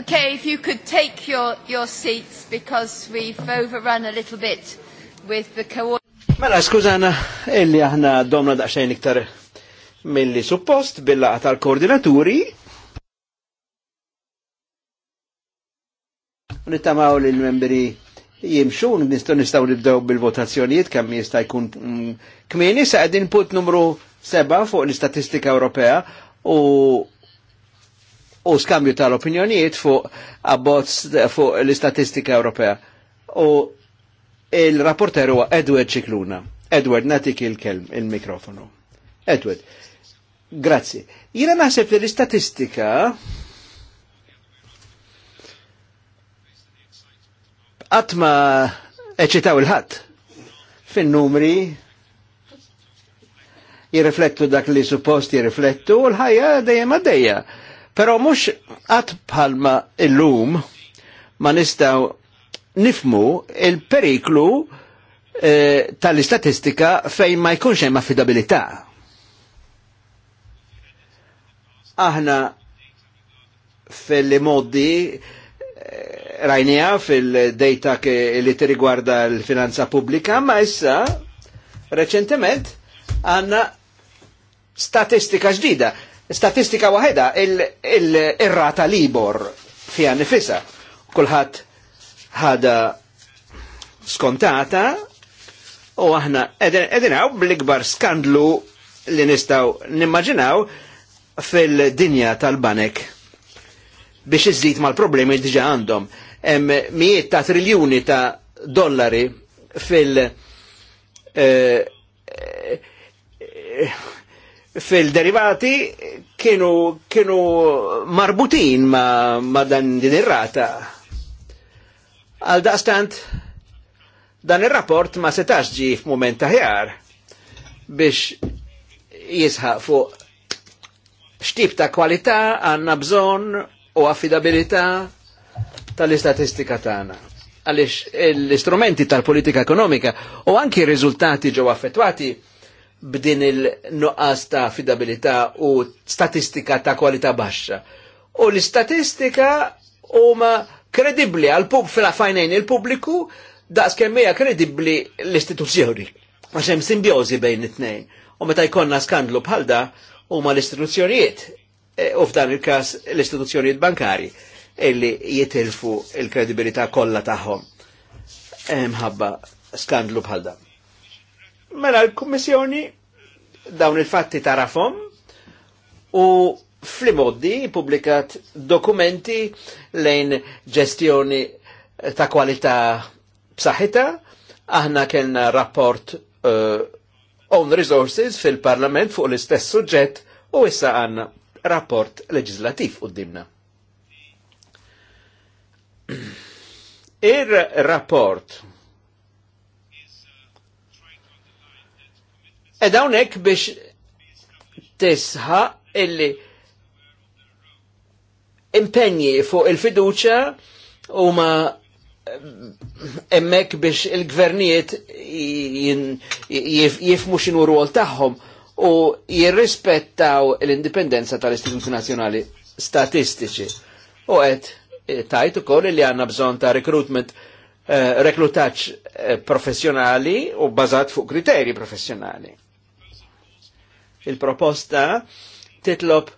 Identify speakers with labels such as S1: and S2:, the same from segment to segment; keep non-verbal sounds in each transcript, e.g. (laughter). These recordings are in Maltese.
S1: Okay, if you could take your, your seats because we've overrun a little bit with the co Mela,
S2: skużana, illi aħna domna daqxajn iktar mill-li suppost bil-laqa tal-koordinaturi. Nittamaw li l-membri jimxu, nistaw nistaw nibdew bil-votazzjonijiet kemm jista' jkun mm, kmieni, sa' put numru seba' fuq l-istatistika Ewropea u u skambju tal-opinjonijiet fuq abbozz fuq l-istatistika Ewropea. U il-rapporter huwa Edward Cikluna. Edward, natik il-kelm, il-mikrofonu. Edward, grazzi. Jina naħseb li l-istatistika għatma eċitaw il-ħat fin-numri jirriflettu dak li suppost jirriflettu u l-ħajja dejjem għaddejja. Pero mux għat bħalma illum ma nistaw nifmu il-periklu eh, tal-istatistika fejn ma jkunx hemm affidabilità. Aħna fil-modi eh, rajnija fil-data li tirigwarda l-finanza pubblika, ma issa reċentement għanna statistika ġdida statistika waħeda il-rata il, il libor fija nifisa. Kulħadd ħada skontata u aħna edinaw bl-ikbar skandlu li nistaw nimmaġinaw fil-dinja tal-banek biex iżid mal-problemi li diġa għandhom. Mijiet ta' triljuni ta' dollari fil- eh, eh, fil-derivati kienu, kienu marbutin ma, ma dan din irrata. Għal daqstant dan il rapport ma setax ġi f-moment taħjar biex jisħaq fuq xtib ta' kwalità għanna bżon u affidabilità tal-istatistika tagħna għaliex l-istrumenti tal-politika ekonomika u anki r-riżultati ġew affettwati b'din il-nuqqas ta' fidabilità u statistika ta' kwalità baxxa. U l-istatistika huma kredibbli għal pub fil-fajnejn il-pubbliku daqs hija kredibbli l-istituzzjoni. Għax hemm simbjożi bejn it-tnejn. U meta jkollna skandlu bħal da huma l-istituzzjonijiet e, u f'dan il-każ l-istituzzjonijiet bankari illi jitilfu il-kredibilità kollha tagħhom. ħabba skandlu bħal dan. Mela l-Kummissjoni dawn il-fatti tarafom, u fl-imoddi publikat dokumenti lejn ġestjoni ta' kwalità b'saħħitha, aħna kellna rapport uh, own resources fil-Parlament fuq l-istess suġġett u issa għanna rapport leġislativ dimna. (clears throat) Ir-rapport E'da hawnhekk biex tisħa illi impenji fuq il-fiduċa huma emmek biex il-gvernijiet jifmu xinu rwol taħħom u jirrispettaw l-indipendenza tal-istituti nazjonali statistiċi. U għed tajt u koll li għanna bżon ta' recruitment, eh, reklutaċ eh, professjonali u bazat fuq kriteri professjonali. Il-proposta titlob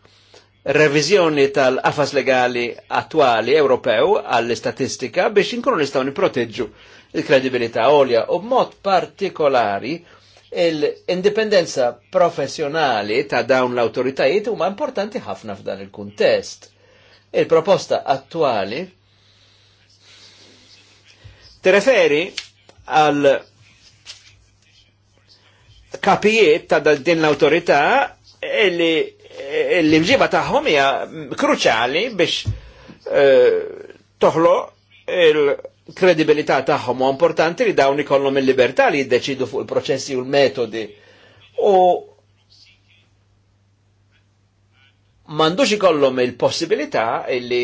S2: revizjoni tal-qafas legali attuali Ewropew għall-istatistika biex inkunu nistgħu niprotegġu il-kredibilità għolja u b'mod partikolari l-indipendenza professjonali ta' dawn l awtoritajiet huma importanti ħafna f'dan il-kuntest. Il-proposta attwali tirreferi għal kapijiet ta' din l-autorità li l-imġiba taħħom hija kruċali biex eh, toħlo il-kredibilità tagħhom u importanti li dawn ikollhom il-libertà li jiddeċidu fuq il-proċessi u l-metodi. U m'għandux ikollhom il-possibilità illi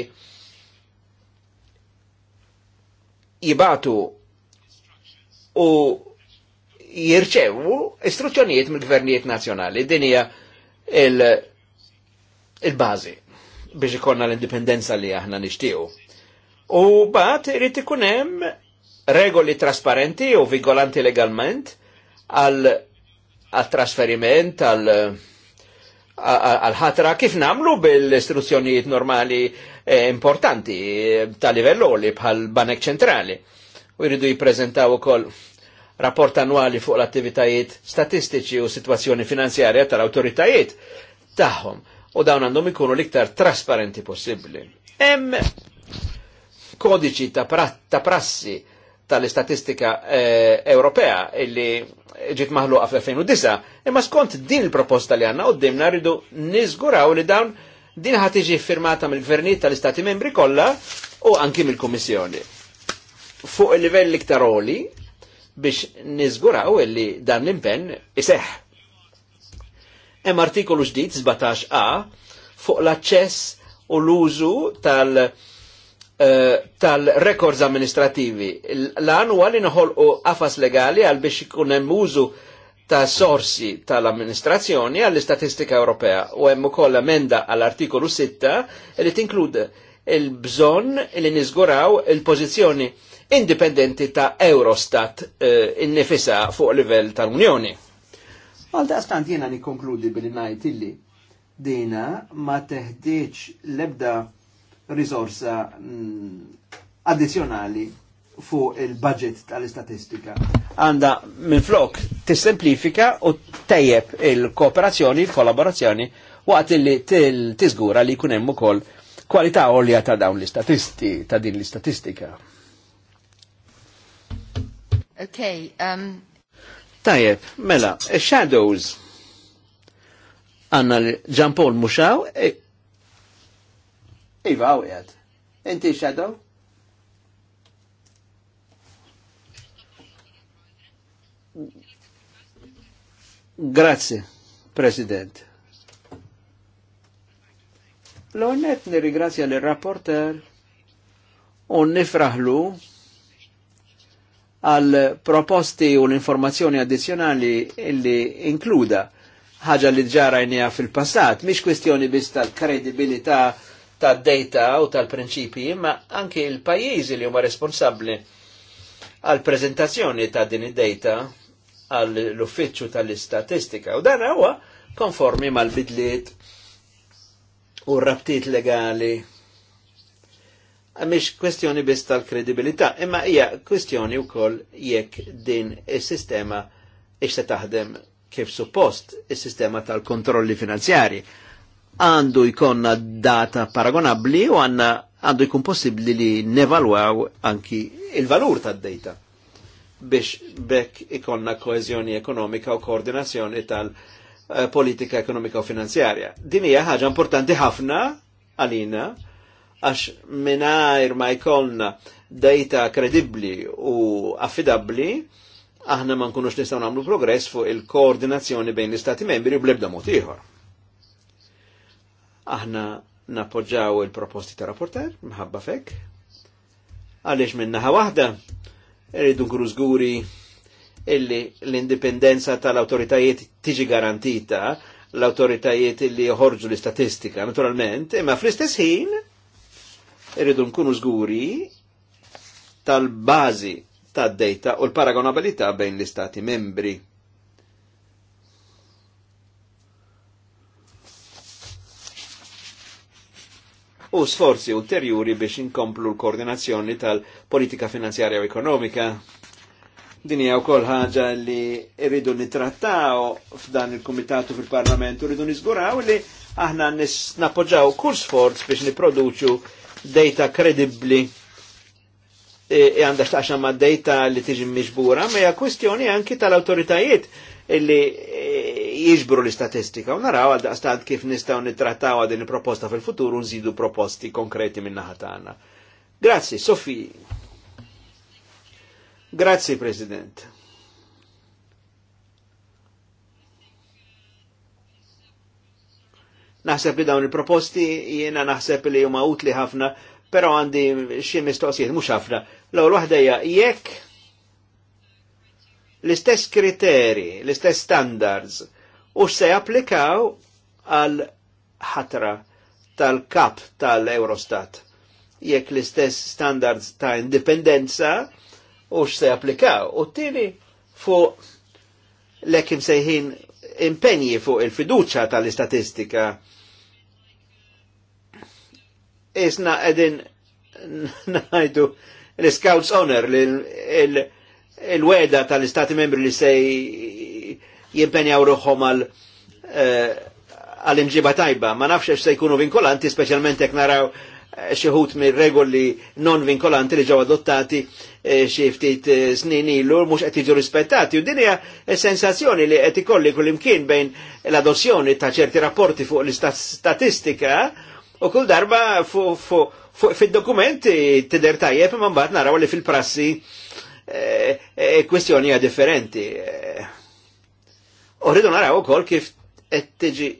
S2: jibatu u jirċevu istruzzjonijiet mill-gvernijiet nazjonali. Din hija il-bażi il biex ikonna l-indipendenza li aħna nixtiequ. U bat irid ikun hemm regoli trasparenti u vigolanti legalment għal trasferiment, għal għal-ħatra kif namlu bil-istruzzjonijiet normali eh, importanti eh, ta' livell li bħal banek ċentrali. U jridu jiprezentaw u koll rapport annwali fuq l-attivitajiet statistiċi u situazzjoni finanzjarja tal-autoritajiet tagħhom u dawn għandhom ikunu l-iktar trasparenti possibbli. Hemm kodiċi ta', pra ta prassi tal-istatistika eh, Ewropea illi ġiet maħluqa fl-2009, imma skont din il-proposta li għanna qoddimna rridu niżguraw li dawn din ħad iġi firmata mill-gvernijiet tal-Istati membri kollha u anki mill-Kummissjoni. Fuq il-livell iktar oli, biex nizguraw illi dan l-impenn iseħ. Hemm artikolu ġdid 17a fuq l-aċċess u l-użu tal- eh, tal-rekords amministrativi. L-għan u għalli noħolqu għafas legali għal biex ikun hemm użu ta' sorsi tal-amministrazzjoni għall-istatistika Ewropea u hemm ukoll emenda għall-artikolu 6 li tinklud il-bżonn li nizguraw il indipendenti ta' Eurostat eh, innifisa fuq livell tal-Unjoni. Għal stant jena nikonkludi billi najt illi dina ma teħdiċ lebda risorsa mm, addizjonali fuq il-budget tal-istatistika. Għanda minn flok tissemplifika u tejjeb il-kooperazzjoni, il-kollaborazzjoni waqt li tiżgura li kunem ukoll kwalità għolja ta' dawn l-istatisti, ta' din l-istatistika.
S1: Okay, um...
S2: Tajjeb, mela, e Shadows. Għanna Jean Paul Muxaw. E... Iva, jad. Inti Shadow? Grazie, President. L-onet nirigrazja l-rapporter Un nifraħlu għal proposti u l-informazzjoni addizjonali illi inkluda ħaġa li ġarajnija fil-passat, miex kwestjoni biss tal-kredibilità tad data u tal-prinċipi, imma anke il-pajjiżi li huma responsabbli għal prezentazzjoni ta' din id-data għall l-uffiċċju tal-istatistika. U dan huwa konformi mal-bidliet u rabtiet legali mish kwestjoni biss tal-kredibilità, imma hija kwestjoni wkoll jekk din is-sistema ix taħdem kif suppost is-sistema tal-kontrolli finanzjari. Għandu jkonna data paragonabli u għanna għandu jkun possibli li nevalwaw anki il-valur tad data biex bekk ikonna koezjoni ekonomika u koordinazzjoni tal-politika ekonomika u finanzjarja. Din hija ħaġa importanti ħafna għalina għax minnajr ma jkollna data kredibli u affidabli, aħna ma nkunux nistgħu nagħmlu progress fuq il-koordinazzjoni bejn l-Istati membri u blebda mod ieħor. Aħna nappoġġaw il-proposti ta' rapporter, mħabba fek, għaliex minnaħa waħda, rridu nkunu zguri illi l-indipendenza tal-autoritajiet tiġi garantita, l-autoritajiet illi joħorġu l-istatistika, naturalment, imma fl-istess ħin, irridu nkunu żguri tal-bażi tad-data u l-paragonabilità bejn l-istati membri. U sforzi ulterjuri biex inkomplu l-koordinazzjoni tal-politika finanzjarja u ekonomika. Din hija wkoll ħaġa li rridu nittrattaw f'dan il-Kumitatu fil-Parlament u rridu nisguraw li aħna nappoġġaw kull sforz biex niproduċu data kredibbli, e, e għanda xtaqxa ma' data li tiġi miġbura, ma hija kwestjoni anki tal-autoritajiet illi e, jiġbru l-istatistika u naraw għal daqstant kif nistaw nittrattaw din proposta fil-futur u nżidu proposti konkreti minna ħatana. Grazzi, Sofi. Grazzi, President. Naħseb li dawn il-proposti jiena naħseb li huma utli ħafna, però għandi xi mistoqsijiet mhux ħafna. L-ewwel waħda hija jekk l-istess kriteri, l-istess standards u se japplikaw għal ħatra tal-kap tal-Eurostat. Jekk l-istess standards ta' indipendenza u se japplikaw. U tini fuq l-ekim sejħin impenji fuq il-fiduċa tal-istatistika isna edin najdu l-Scouts owner il-weda tal-Istati membri li se jimpenjaw ruħom eh, għal-imġiba tajba. Ma nafx se jkunu vinkolanti, specialment jek naraw eh, xieħut mir regoli non vinkolanti li ġew adottati eh, xi ftit snin ilu mhux qed jiġu rispettati. U din hija sensazzjoni li qed ikolli kullimkien bejn l-adozzjoni ta' ċerti rapporti fuq l-istatistika U kull darba fil-dokumenti tider tajjeb ma mbagħad naraw li fil-prassi eh, eh, kwestjoni hija differenti. Eh, u rridu naraw ukoll kif qed tiġi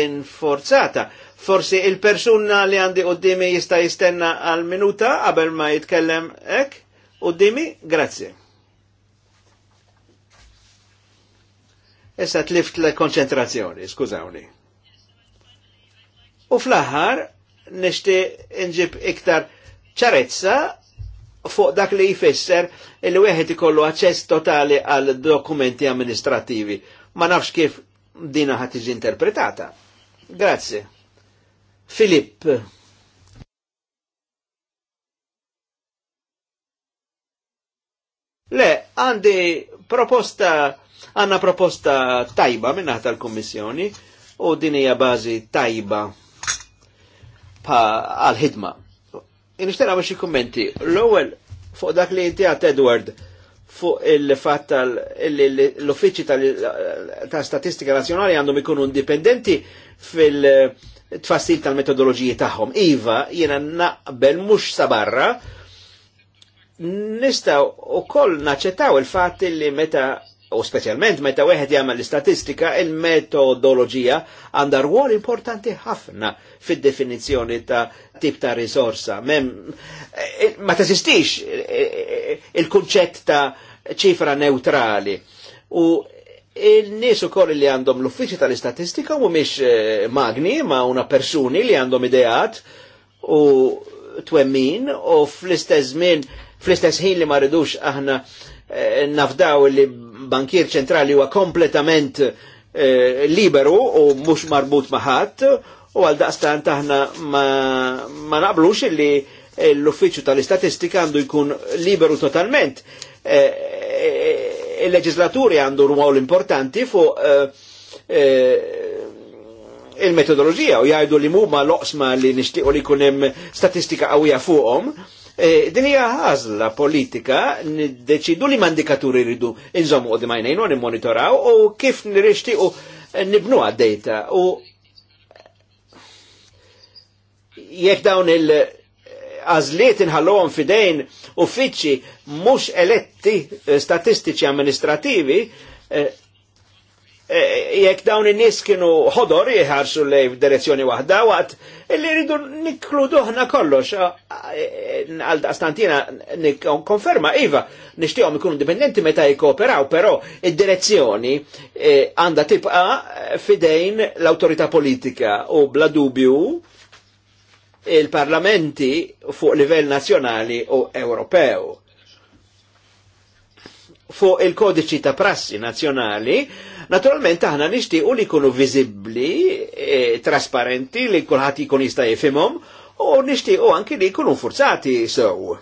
S2: inforzata. Forsi il-persuna li għandi qoddimi jista' jistenna għal minuta qabel ma jitkellem hekk. Qoddimi, grazzi. Issa tlift l-konċentrazzjoni, skużawni. U fl-aħħar nishti nġib iktar ċarezza fuq dak li jfisser il wieħed ikollu aċċess totali għal dokumenti amministrativi. Ma nafx kif dina ħat iġi interpretata. Grazie. Filipp. Le, għandi proposta, għanna proposta tajba minna tal-Kommissjoni u dinija bazi bażi tajba għal-ħidma. Inishtera biex kommenti. L-ewwel fuq dak li inti għat Edward fuq il-fatt l-uffiċi ta' statistika nazjonali għandhom ikunu indipendenti fil-tfassil tal-metodologiji tagħhom. Iva, jiena naqbel mhux sabarra, nistaw u koll naċċettaw il-fatt li meta u specialment meta wieħed jagħmel l-istatistika, il-metodoloġija għandha rwol importanti ħafna fid-definizzjoni ta' tip ta' risorsa. Mem, eh, ma teżistix eh, il-kunċett ta' ċifra neutrali. U il-nies ukoll li għandhom l-uffiċċju tal-istatistika mhumiex eh, magni ma' una persuni li għandhom ideat u twemmin u fl-istess fl-istess ħin li ma rridux aħna Eh, nafdaw li bankier ċentrali huwa kompletament eh, liberu u mhux marbut ma' ħadd u għal daqstant taħna ma, ma naqblux li l-uffiċċju tal-istatistika għandu jkun liberu totalment. Eh, il-leġislaturi għandu rwol importanti fuq il-metodologija u jgħidu li ma' loqsma li nixtiqu li kunem statistika qawwija fuqhom Eh, din hija ħażla politika niddeċidu li mandikaturi rridu inżommu u dimajnejn u nimmonitoraw u kif nirixti u eh, nibnu għaddejta u jekk dawn il għazliet inħallowhom fidejn uffiċċji mhux eletti eh, statistiċi amministrativi E, jekk dawn in-nies kienu ħodor jħarsu lej f'direzzjoni waħda waqt illi rridu nikkludu ħna kollox. E, għal daqstantina konferma, iva, nixtiehom ikunu dipendenti meta jkooperaw, però id-direzzjoni e, għandha tibqa fidejn l-awtorità politika u bla dubju il-parlamenti fuq livell nazzjonali u Ewropew fuq il-kodiċi ta' prassi nazjonali, naturalment aħna nixtiequ li kunu viżibbli, e, trasparenti, li kulħadd jkun jista' jifhimhom u nixtiequ anki li jkunu forzati sew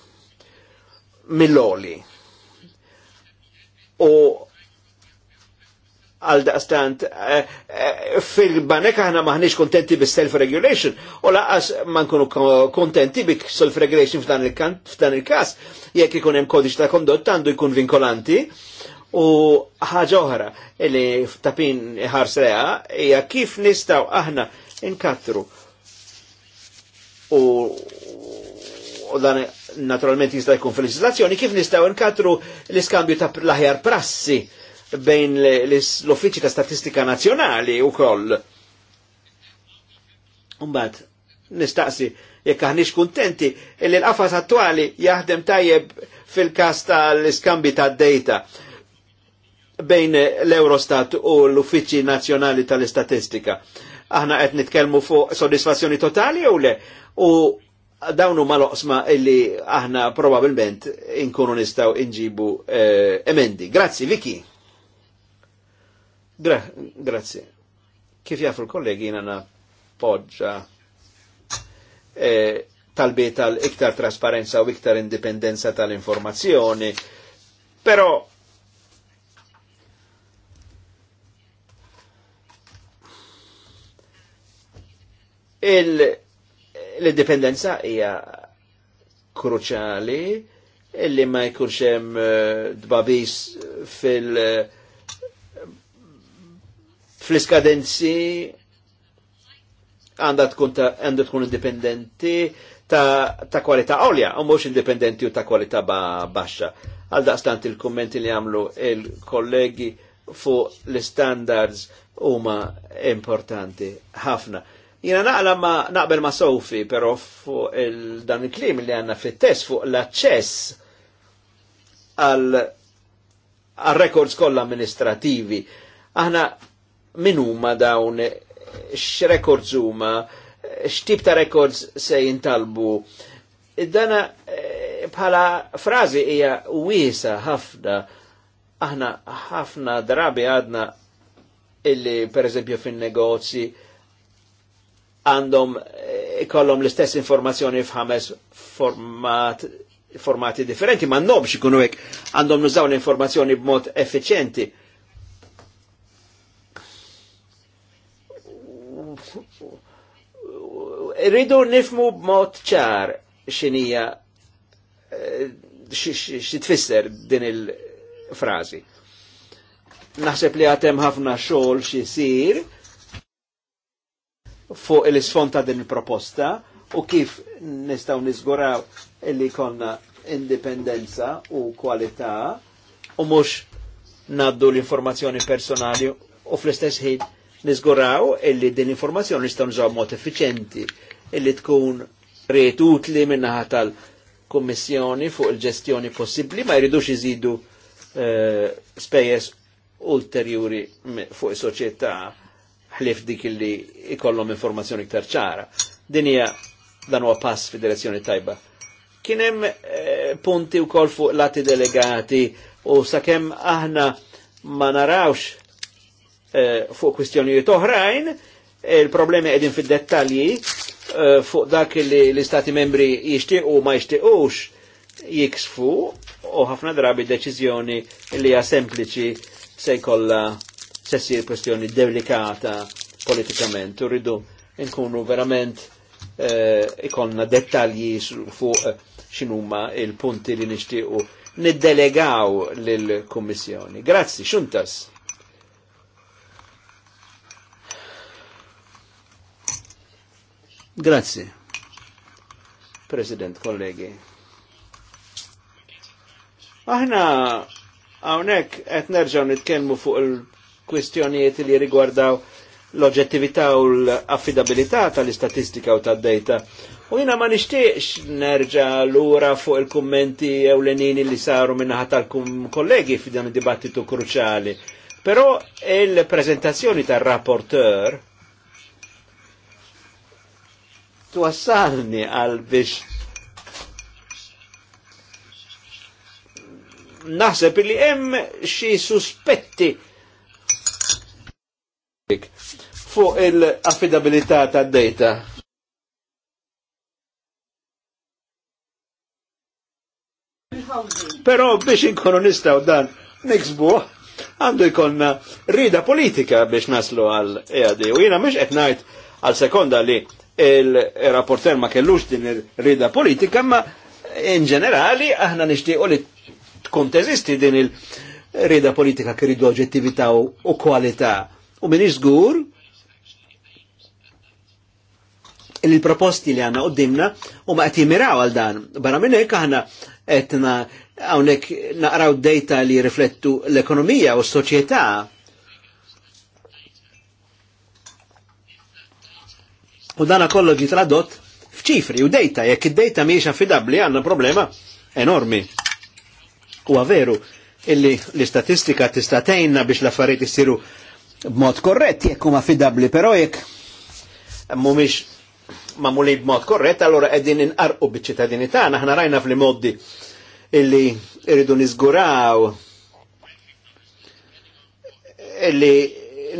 S2: mill-oli. U għal daqstant eh, eh, fil-banek aħna maħniex kontenti bi self-regulation u laqas ma nkunu kontenti bi self-regulation f'dan il-kas jekk ikun hemm kodiċ ta' kondott għandu jkun vinkolanti u ħaġa oħra li f'tapin ħarsreha hija kif nistgħu aħna inkattru u u dan naturalment jista' jkun fil legislazzjoni kif nistgħu nkatru l-iskambju ta' l-aħjar prassi bejn l-Uffiċċju ta' Statistika Nazzjonali wkoll. Mbagħad nistaqsi jekk aħniex kuntenti li l-qafas attwali jaħdem tajjeb fil-każ tal-iskambi tad-data bejn l-Eurostat u l-Uffiċċji Nazzjonali tal-Istatistika. Aħna qed nitkellmu fuq soddisfazzjoni totali jew le u dawn huma loqsma illi aħna probabilment inkunu nistaw inġibu eh, emendi. Grazzi, Viki. Gra grazie. Kif jafu l-kollegi jina napoġġa eh, talbi tal-iktar trasparenza u iktar indipendenza tal-informazzjoni, però l-indipendenza hija kruċali illi ma jkunx hemm eh, dbabis fil- uh, fl-iskadenzi għandha tkun tkun indipendenti ta', ta kwalità għolja, u mhux indipendenti u ta' kwalità baxxa. Għal daqstant il-kummenti li għamlu il-kollegi fuq l-standards huma importanti ħafna. Jina naqla ma naqbel ma sofi, pero fuq il dan il-klim li għanna fit-test fuq l-aċċess għal għal records kollha amministrativi. Aħna minuma dawn, x-rekords huma, x-tip ta' rekords se jintalbu. Id-dana eh, bħala frażi hija wiesa ħafna, aħna ħafna drabi għadna illi per eżempju fin-negozji għandhom ikollhom eh, l-istess informazzjoni f'ħames format formati differenti, ma nobx ikunu għandhom nużaw l-informazzjoni b'mod effiċenti Rridu nifmu b'mod ċar xinija eh, xitfisser din il-frazi. Naħseb li għatem ħafna xogħol xisir fuq il sfonta ta' din il-proposta u kif nistaw nizguraw illi konna indipendenza u kwalità u mux naddu l-informazzjoni personali u fl-istess ħin nizguraw illi din informazzjoni nistgħu nżaw mod effiċenti illi tkun rejt utli minnaħa tal-Kommissjoni fuq il-ġestjoni possibbli ma jridux iżidu uh, spejjeż ulterjuri fuq is-soċjetà ħlif dik illi ikollhom informazzjoni iktar ċara. Din hija dan huwa pass fid direzzjoni tajba. Kien hemm eh, punti wkoll fuq lati delegati u sakemm aħna ma narawx Eh, fuq kwistjonijiet oħrajn, il-problemi qegħdin fid-dettalji eh, fuq dak li l-istati membri jixtiequ ma jixtiequx jiksfu u ħafna drabi deċiżjoni li hija sempliċi se jkollha se ssir kwestjoni delikata politikament. Urridu nkunu verament eh, ikonna dettalji fuq x'inhuma il-punti li nixtiequ niddelegaw lill-Kummissjoni. Grazzi, xuntas. Grazie President, kollegi. Aħna għawnek qed nerġgħu nitkellmu fuq il-kwistjonijiet li rigwardaw l-oġettività u l-affidabilità tal-istatistika u tad-data. U jina ma nishtiqx nerġa l-ura fuq il-kommenti ewlenini li saru minnaħat tal-kollegi f'dan dibattitu kruċali. Però il-prezentazzjoni tal-rapporteur twassalni għal biex naħseb li hemm xi suspetti fuq il-affidabilità tad-data. Però biex inkunu nistaw dan niksbu, għandu jkollna rida politika biex naslu għal EAD. U jina mhux qed ngħid għal sekonda li il-rapporter ma kellux din ir-rida politika, ma in ġenerali aħna nixtiequ li tkun teżisti din il-rida politika kiridu oġettivita u kwalità. U minni zgur, il-proposti li għanna dimna u ma qed jimiraw għal dan. Barra minn hekk aħna qed naqraw data li riflettu l-ekonomija u s-soċjetà U dana kollu ġi tradott f'ċifri u dejta, jekk id-dejta miex affidabli għandna problema enormi. U għaveru, illi l-istatistika tista' tgħinna biex l-affarijiet isiru b'mod korrett jekk huma fidabli, però jekk mhumiex mamuli b'mod korrett, allora qegħdin inqarqu biċ ċittadinità tagħna, aħna rajna fl-modi illi irridu nizguraw illi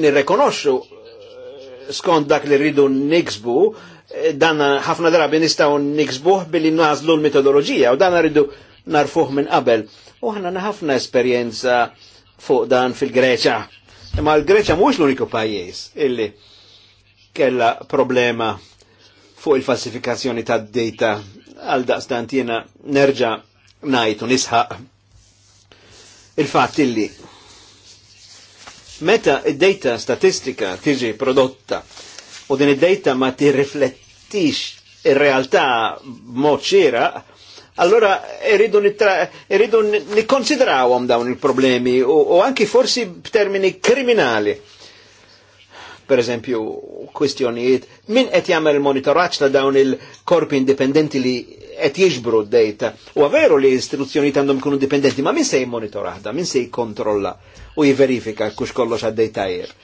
S2: nirrekonoxxu skont dak li rridu niksbu, eh, dan ħafna drabi nistaw niksbuh billi nazlu l-metodologija u dan rridu narfuh minn qabel. U ħana ħafna esperjenza fuq dan fil-Greċa. Ma l-Greċa mhux l-uniku pajjiż illi kella problema fuq il-falsifikazzjoni tad data għal daqstant jena nerġa' ngħid u nisħaq il-fatt illi Meta id-data statistika tiġi prodotta u din id-data ma tirriflettix il realtà moċira, allora irridu nikonsidrawom dawn il-problemi u anki forsi b'termini kriminali per eżempju, kwistjonijiet, min qed jagħmel monitoraġġ ta' dawn il-korpi indipendenti li qed jiġbru d-dejta. U veru li istituzzjonijiet għandhom ikunu dipendenti, ma min se jimmonitoraħda, min se jikkontrolla u jiverifika kux kollox għad tajjeb.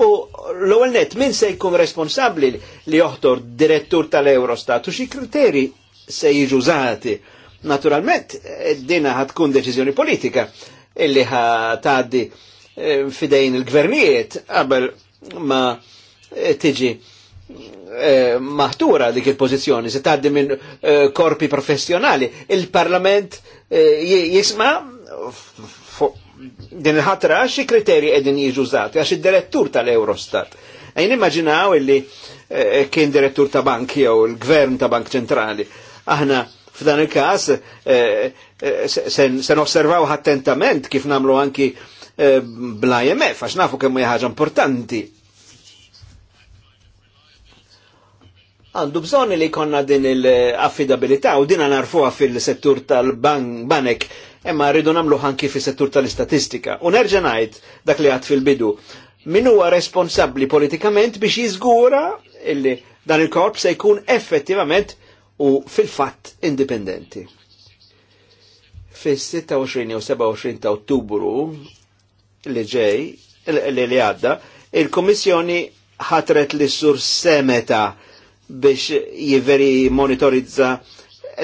S2: U l-ewwel net, min se jkun responsabbli li joħtor direttur tal-Eurostat u xi kriteri se jiġu użati. Naturalment, dina ħatkun deċiżjoni politika illi tgħaddi eh, fidejn il-gvernijiet qabel ma tiġi maħtura dik il-pozizjoni, se taddi minn korpi professjonali. Il-Parlament jisma din il-ħatra xi kriteri edin jiġu għax id-direttur tal-Eurostat. Ejn immaġinaw illi kien direttur ta' bank jew il-gvern ta' bank ċentrali. Aħna f'dan il-każ se osservaw attentament kif namlu anki Eh, bl-IMF, e għax nafu kemm hija ħaġa importanti. Għandu bżonni li konna din il-affidabilità u dina narfuha fil-settur tal-banek imma rridu namlu ħanki fis settur tal-istatistika. U nerġa' ngħid dak li għad fil-bidu. Min huwa responsabbli politikament biex jiżgura illi dan il-korp se jkun effettivament u fil-fatt indipendenti. Fis-26 u 27 ta' Ottubru li ġej, li li għadda, il-Komissjoni ħatret li sur semeta biex jiveri monitorizza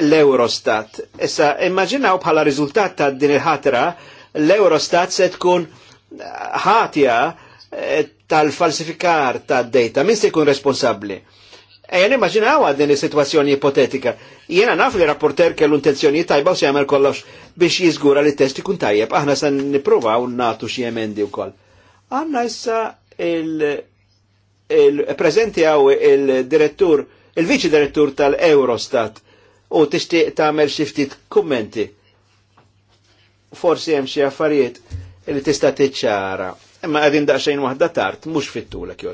S2: l-Eurostat. Issa, immaginaw bħala riżultat ta' din il-ħatra, l-Eurostat se tkun ħatja eh, tal-falsifikar ta' data. Min se jkun responsabli? Ejja nimmaġinaw din is-sitwazzjoni ipotetika. Jiena naf li rapporter kellu intenzjoni tajba u se jagħmel kollox biex jiżgura li testi kun tajjeb. Aħna se nippruvaw natu xi emendi wkoll. Għandna issa il-preżenti għaw il-direttur, il-viċi direttur tal-Eurostat u tixtieq tagħmel xi ftit kummenti. Forsi hemm xi affarijiet li tista' tiċċara. Imma qegħdin daqsxejn waħda tard, mhux fit-tulek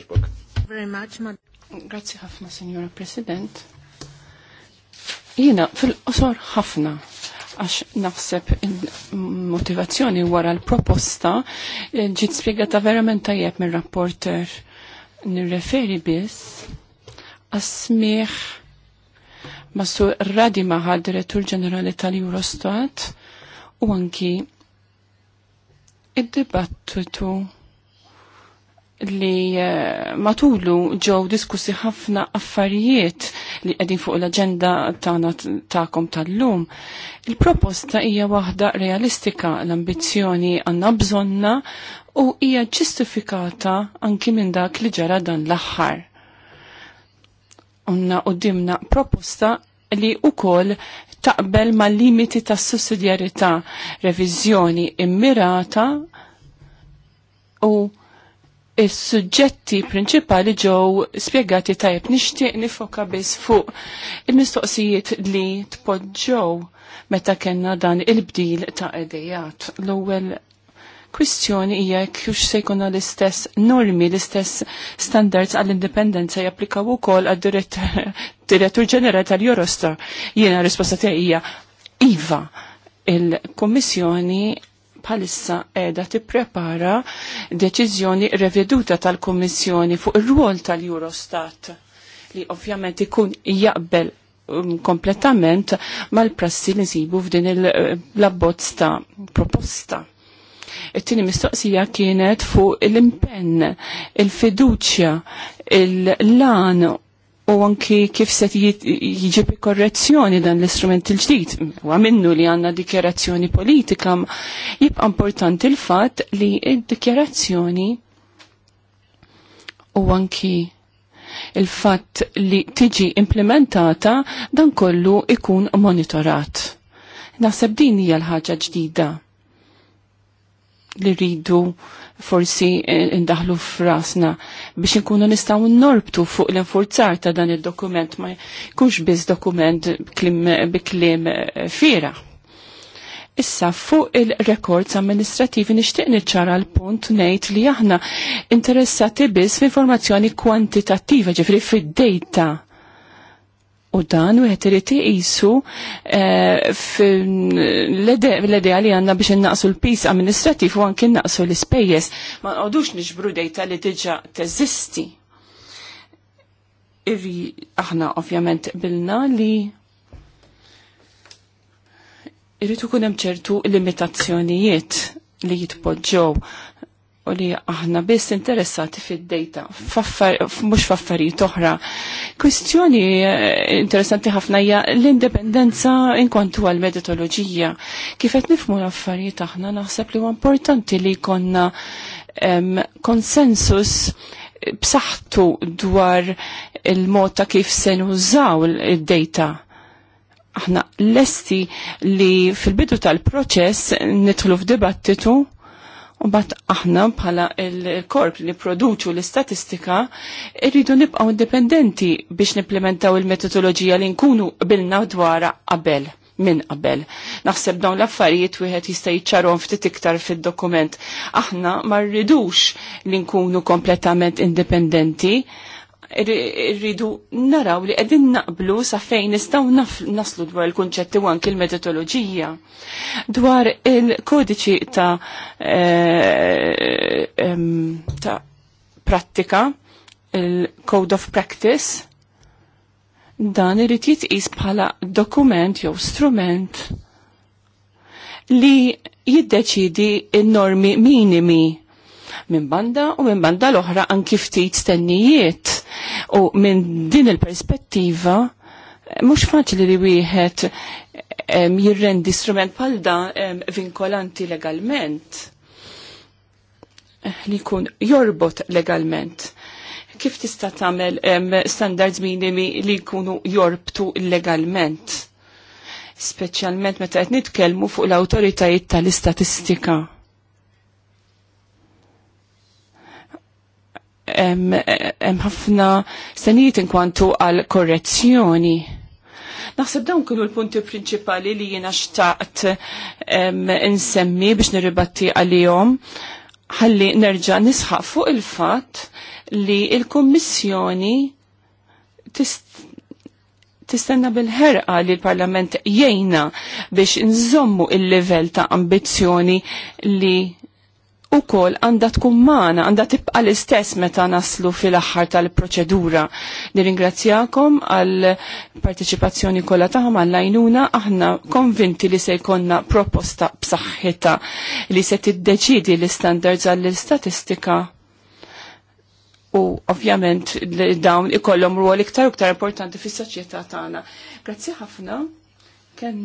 S1: Very much, Grazzi ħafna, Signora President. Jena, fil-qosor ħafna, għax naħseb motivazzjoni wara l-proposta eh, ġiet spiegata verament tajjeb mir rapporter nirreferi biss għasmiħ ma' su radi maħad direttur ġenerali tal-Eurostat u anki id-dibattitu li eh, matulu ġew diskussi ħafna affarijiet li qegħdin fuq l-aġenda tagħna tagħkom tal-lum. Il-proposta hija waħda realistika l-ambizzjoni għandna bżonna u hija ġustifikata anki minn dak li ġara dan l-aħħar. Unna qudiemna proposta li ukoll taqbel ma' limiti tas sussidjarità reviżjoni immirata u Is-suġġetti prinċipali ġew spjegati tajb nixtieq nifoka biss fuq il-mistoqsijiet li tpoġġow meta kellna dan il-bdil ta' idejat. L-ewwel kwistjoni hija jekk se jkunna l-istess normi, l-istess standards għall-indipendenza japplikaw ukoll għad-direttur (laughs) ġenerali tal-Eurostar. Jiena risposta tiegħi hija iva il kummissjoni palissa edha tipprepara deċiżjoni reveduta tal-Kummissjoni fuq ir ruol tal-Eurostat li ovvjament ikun jaqbel um, kompletament mal-prassi li nsibu f'din il-labbozz eh, ta' proposta. It-tieni mistoqsija kienet fuq l-impenn, il-fiduċja, il-lan u anki kif se jiġibi korrezzjoni dan l-istrument il-ġdid. U minnu li għandna dikjerazzjoni politika jibqa' importanti l-fatt li d-dikjerazzjoni u anki il-fatt li tiġi implementata dan kollu ikun monitorat. Naħseb din hija l-ħaġa ġdida li rridu forsi eh, indaħlu frasna biex nkunu nistaw norbtu fuq l-infurzar ta' dan il-dokument ma jkunx biss dokument biklim eh, fira. Issa fuq il-rekords amministrativi nixtieq niċċara l-punt ngħid li aħna interessati biss f'informazzjoni kwantitattiva ġifri fid-data U dan u jħetirit jisu eh, l-edja li għanna biex naqsu l-pis amministrativ u għankin naqsu l-spejjes. Ma għodux nġbru dejta li diġa teżisti. Iri aħna ovvjament bilna li irritu kunem ċertu limitazzjonijiet li jitpoġġow u li aħna biss interessati fid-data, mhux f'affarijiet oħra. Kwistjoni eh, interessanti ħafna hija l-indipendenza inkontu għal meditoloġija Kif qed nifmu l-affarijiet aħna naħseb li huwa importanti li jkollna konsensus b'saħħtu dwar il-mod ta' kif se nużaw id-data aħna lesti li fil-bidu tal-proċess nitlu f'dibattitu U bat aħna bħala il-korp li produċu l-istatistika irridu nibqaw indipendenti biex nimplementaw il-metodologija li nkunu bilna dwara qabel minn qabel. Naħseb dawn l-affarijiet wieħed jista' jiċċarhom ftit iktar fid-dokument. Aħna ma rridux li nkunu kompletament indipendenti rridu naraw li qegħdin naqblu sa fejn nistgħu naslu dwar il-kunċetti u anki l-metodoloġija dwar il-kodiċi ta' eh, ta' prattika, il-code of practice, dan irid jitqis bħala dokument jew strument li jiddeċidi n-normi minimi minn banda u minn banda l-oħra anki ftit stennijiet U minn din il-perspettiva, mhux faċli li wieħed jirrendi strument bħal da vinkolanti legalment li jkun jorbot legalment. Kif tista' tagħmel standards minimi li jkunu jorbtu legalment? Speċjalment meta qed nitkellmu fuq l-awtoritajiet tal-istatistika hemm ħafna senijiet inkwantu għal korrezzjoni. Naħseb dawn kienu l-punti prinċipali li jiena xtaqt insemmi biex nirribatti għalihom ħalli nerġa' nisħaq fuq il-fatt li l kummissjoni tistenna bil-ħerqa li l-Parlament jgħina biex nżommu il-livell ta' ambizzjoni li u kol għanda tkun maħna, għanda tibqa l-istess meta naslu fil-axħar tal-proċedura. Nirringrazzjakom għal-parteċipazzjoni kolla taħma għall-lajnuna, aħna konvinti li se jkonna proposta b'saħħita li se tiddeċidi l-standards għall-istatistika u ovvjament dawn ikollhom ruol iktar u iktar importanti fis-soċjetà tagħna. Grazzi ħafna kien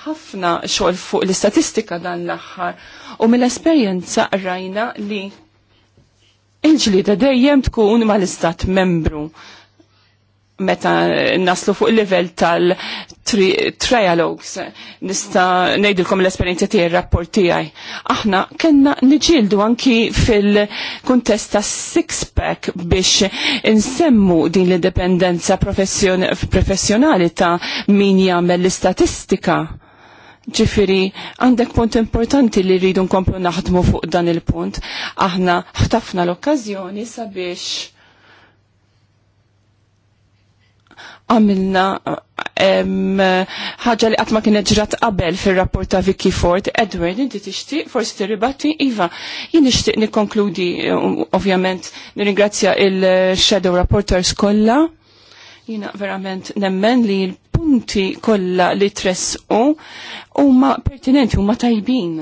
S1: ħafna xogħol fuq l-istatistika dan l-aħħar u mill-esperjenza rajna li il-ġlida dejjem tkun mal-istat membru meta naslu fuq il-level tal-trialogues nista nejdilkom l-esperjenza tiegħi r-rapport tiegħi. Aħna kellna nġildu anki fil-kuntest tas six pack biex insemmu din l-indipendenza professjonali ta' min jagħmel l-istatistika. Ġifiri, għandek punt importanti li rridu nkomplu naħdmu fuq dan il-punt. Aħna ħtafna l-okkazjoni sabiex għamilna ħaġa li għatma kienet ġrat qabel fil-rapport ta' Vicky Ford. Edward, inti tixtieq, forsi t-ribatti, Iva, jien nixtieq nikkonkludi, ovvjament, nirringrazzja il-Shadow Rapporters kollha. Jina verament nemmen li l-punti kollha li u huma pertinenti, huma tajbin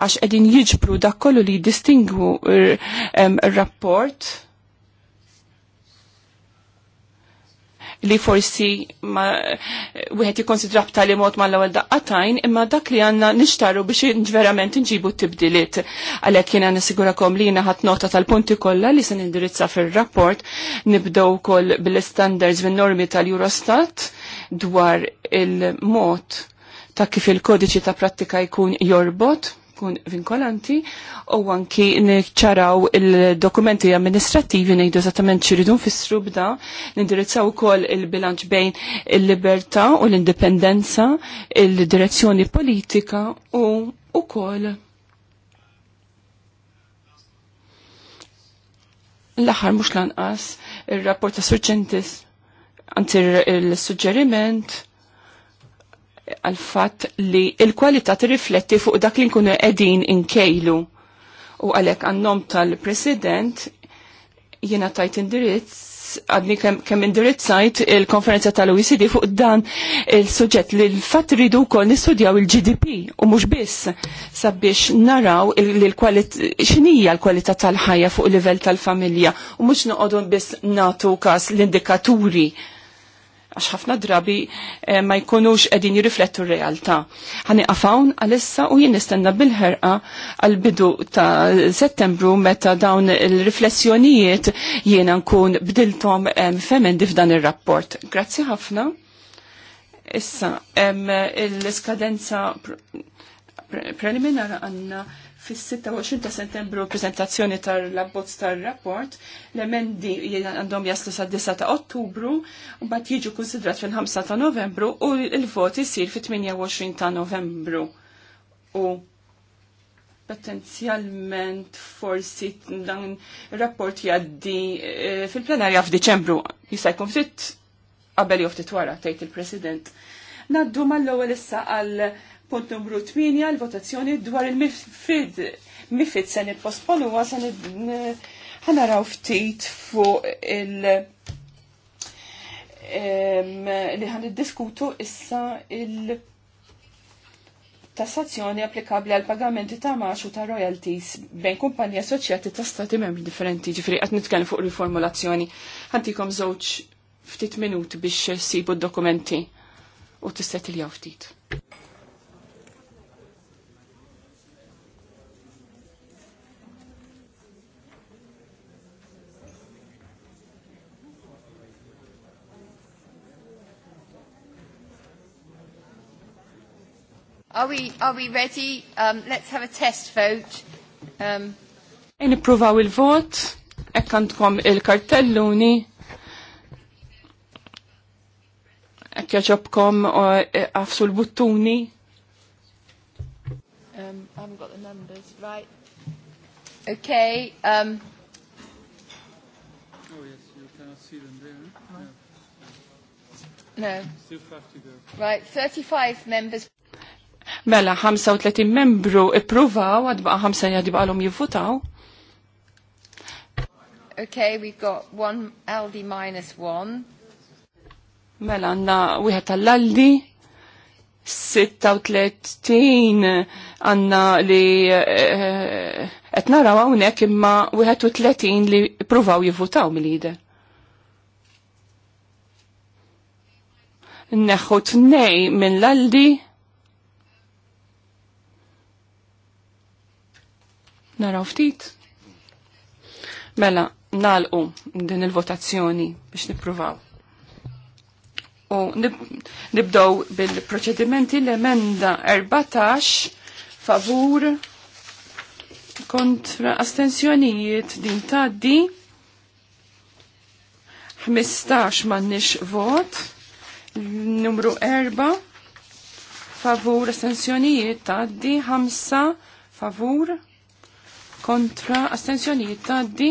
S1: għax edin jiġbru dak kollu li il er, rapport li forsi ma wieħed jikkonsidra b'tali mod ma l-ewwel daqqatajn, imma dak li għandna nixtaru biex verament nġibu tibdilit. tibdiliet Għalhekk jiena sigurakom li jiena ħadd nota tal-punti kollha li se nindirizza fir-rapport nibdew ukoll bil-standards min-normi tal-Eurostat dwar il-mod ta' kif il-kodiċi ta' prattika jkun jorbot tkun vinkolanti u anki nċaraw il-dokumenti amministrativi nejdu eżattament xiridu nfissru b'da nindirizzaw ukoll il-bilanċ bejn il-libertà u l-indipendenza, il-direzzjoni politika u kol. l-aħħar mhux lanqas ir-rapport ta' Surċentis anzi il-suġġeriment għal-fat li il-kwalità tirrifletti fuq dak li nkunu qegħdin inkejlu. U għalhekk għannom tal-President jiena tajt indirizz għadni kemm kem indirizzajt il-konferenza tal-OECD fuq dan il-suġġett li l-fatt ridu wkoll nistudjaw il-GDP u mhux biss sabiex naraw x'inhija l-kwalità tal-ħajja fuq livell tal-familja u mhux noqogħdu biss natu każ l-indikaturi għax ħafna drabi eh, ma jkunux edin jirriflettu r-realtà. Ħani għafawn għalissa u jien nistenna bil-ħerqa għal-bidu ta' settembru meta dawn il-riflessjonijiet jiena nkun bdiltom eh, femendi f'dan ir-rapport. Grazzi ħafna. Issa, il-skadenza preliminara għanna fis-26 ta' settembru prezentazzjoni tal-abbozz tal-rapport, l-emendi għandhom jaslu sa' 9 ta' ottubru, u bat jiġu konsidrat fil-5 ta' novembru u il-vot jisir fit-28 ta' novembru. U potenzjalment forsi dan rapport jaddi eh, fil-plenarja f'Diċembru jista' jkun ftit qabel jew ftit wara tgħid il-President. Naddu mal-ewwel issa għal Punt numru 8, l-votazzjoni dwar il-mifid. Mifid se il għa se ħanaraw ftit fuq il- li ħan diskutu issa il- tassazzjoni applikabli għal pagamenti ta' maċu u ta' royalties bejn kumpanija soċjati ta' stati membri differenti ġifri għat nitkellem fuq riformulazzjoni. Għantikom zoċ ftit minuti biex sibu d-dokumenti u tistet il ftit. Are we, are we ready? Um, let's have a test vote. Um, in Nipruvaw il-vot, ekkantkom il-kartelluni, ekkjaġobkom e, għafsu l-buttuni. Um, I haven't got the numbers, right? Okay. Um, oh, yes, you cannot see them there. Huh? No. Still 50 to Right, 35 members. Mela 35 membru ippruvaw għad baqa 5 di baqalhom jivvutaw. Okay, we've got one LD minus one. Mela għanna wieħed tal-aldi 36 għanna li eh, eh, qed naraw hawnhekk imma wieħed u tletin li pruvaw jivvutaw mill-lider. Neħħu tnej minn l-aldi Naraw ftit. Mela, nalqu din il-votazzjoni biex nippruvaw. U nibdow bil-proċedimenti l-emenda 14 favur kontra astensjonijiet din taddi 15 mannix vot numru 4 favur astensjonijiet taddi 5 favur kontra astensjonijiet taddi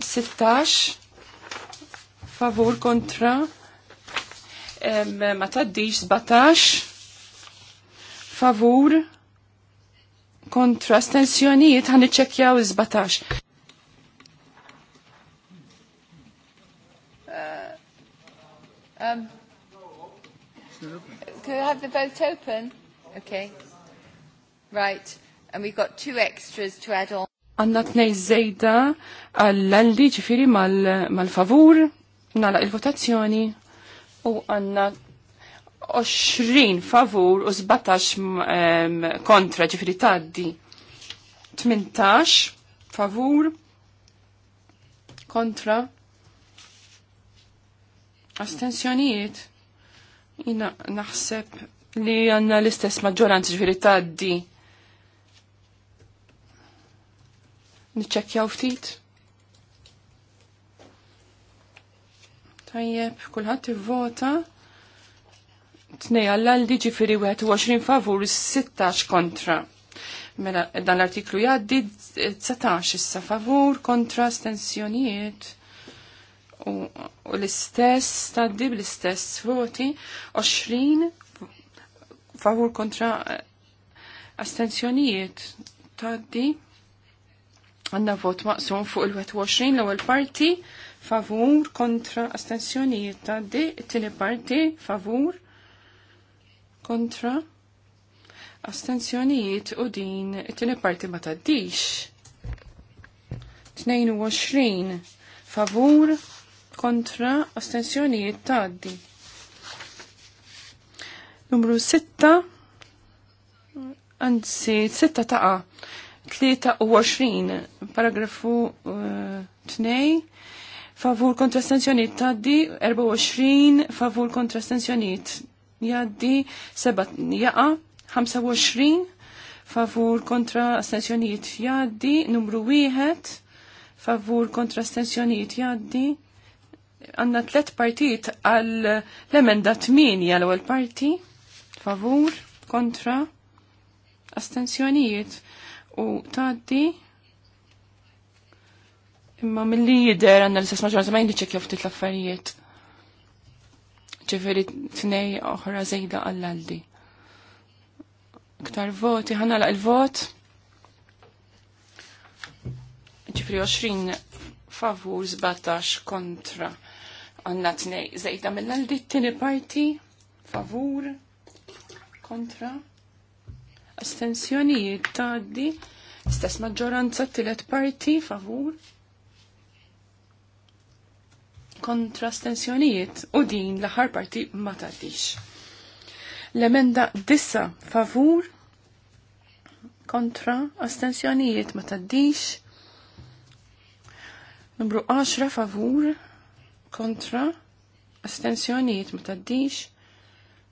S1: 16 favur kontra ma taddix 17 favur kontra astensjonijiet ħan iċċekjaw 17. Uh, um, can I have the vote open? Okay. Right and we've got two extras to add on. Għanna tnej zejda għall għalli ġifiri mal-favur, nala il-votazzjoni u għanna 20 favur u 17 kontra ġifiri taddi. 18 favur kontra astensjonijiet. Jina naħseb li għanna l-istess maġġoranza ġifiri taddi. Niċċekkjaw ftit. Tajjeb, kulħadd ivvota. Tnej għal diġi firri 21 favur, 16 kontra. Mela dan l-artiklu jgħaddi 19 issa favur kontra stensjonijiet u l-istess taddi bl-istess voti 20 favur kontra eh, astenzjonijiet taddi Għanna vot maqsum fuq il-21 l-ewwel parti favur kontra astensjonijiet ta' di it-tieni parti favur kontra astensjonijiet u din it-tieni parti ma taddix. 22 favur kontra astensjonijiet di. Numru 6 anzi 6 taqa 23 paragrafu 2 eh, favur kontra stenzjoniet taddi 24 favur kontra stenzjoniet jaddi 7 jaqa 25 favur kontra astensjonijiet jaddi numru 1 favur kontra astensjonijiet jaddi għanna tlet partijiet għal l-emenda 8 għal ewwel parti favur kontra astensjonijiet u taddi imma mill-li jider għanna l-istess maġġoranza ma jindi ċekja ftit l-affarijiet. ċeferi t-nej oħra zejda għall-għaldi. Ktar voti, ħanna laq il-vot. ċeferi 20 favur 17 kontra. Għanna t-nej zejda mill-għaldi t-tini parti favur kontra astensjonijiet taddi, stess maġġoranza t-tilet parti favur kontra astensjonijiet u din l-aħħar parti ma taddix. L-emenda dissa favur kontra astensjonijiet ma taddix. Numru 10 favur kontra astensjonijiet ma taddix.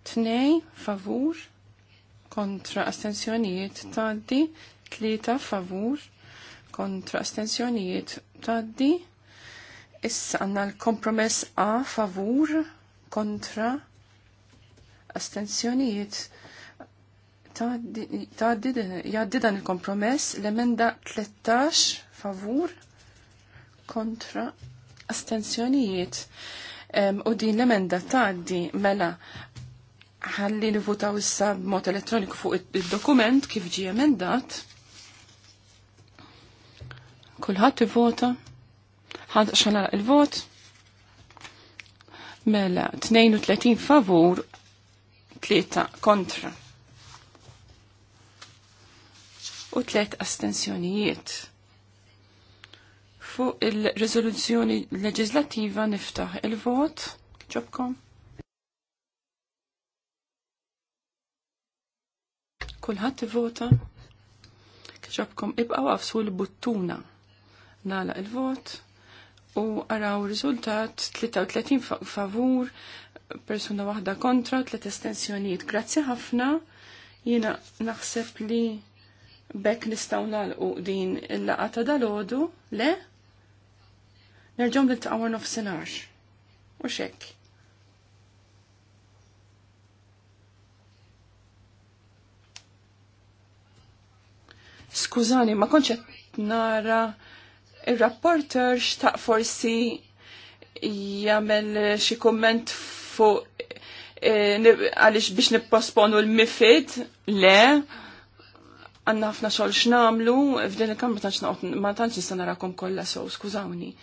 S1: 2 favur kontra astensjonijiet taddi, tlieta favur kontra astensjonijiet taddi. Issa għanna l-kompromess A favur kontra astensjonijiet taddi jaddi dan il-kompromess l-emenda 13 favur kontra astensjonijiet. Um, u din l-emenda taddi mela ħalli nivutaw issa b'mod elettroniku fuq il-dokument kif ġie emendat. Kulħadd ivota. Ħadd xanara il-vot. Mela, 32 favur, 3 kontra. U 3 astensjonijiet. Fuq il riżoluzzjoni leġislativa niftaħ il-vot. Ġobkom. Kulħadd ivota. Kixabkom ibqaw għafsu l-buttuna. Nala il-vot u għaraw riżultat 33 favur, persuna waħda kontra, 3 estensjonijiet. Grazzi ħafna. Jiena naħseb li bekk nistgħu nagħlqu din il-laqa ta' dalodu, le? l niltaqgħu nofsinhar. U xekk. Skużani, ma konċet nara il-rapporter xtaq forsi jamel xi komment fuq eh, għalix biex nipposponu l-mifid, le, għanna ħafna xol xnamlu, f'din il-kamra ma tantx nista' narakom kollha so, skużawni.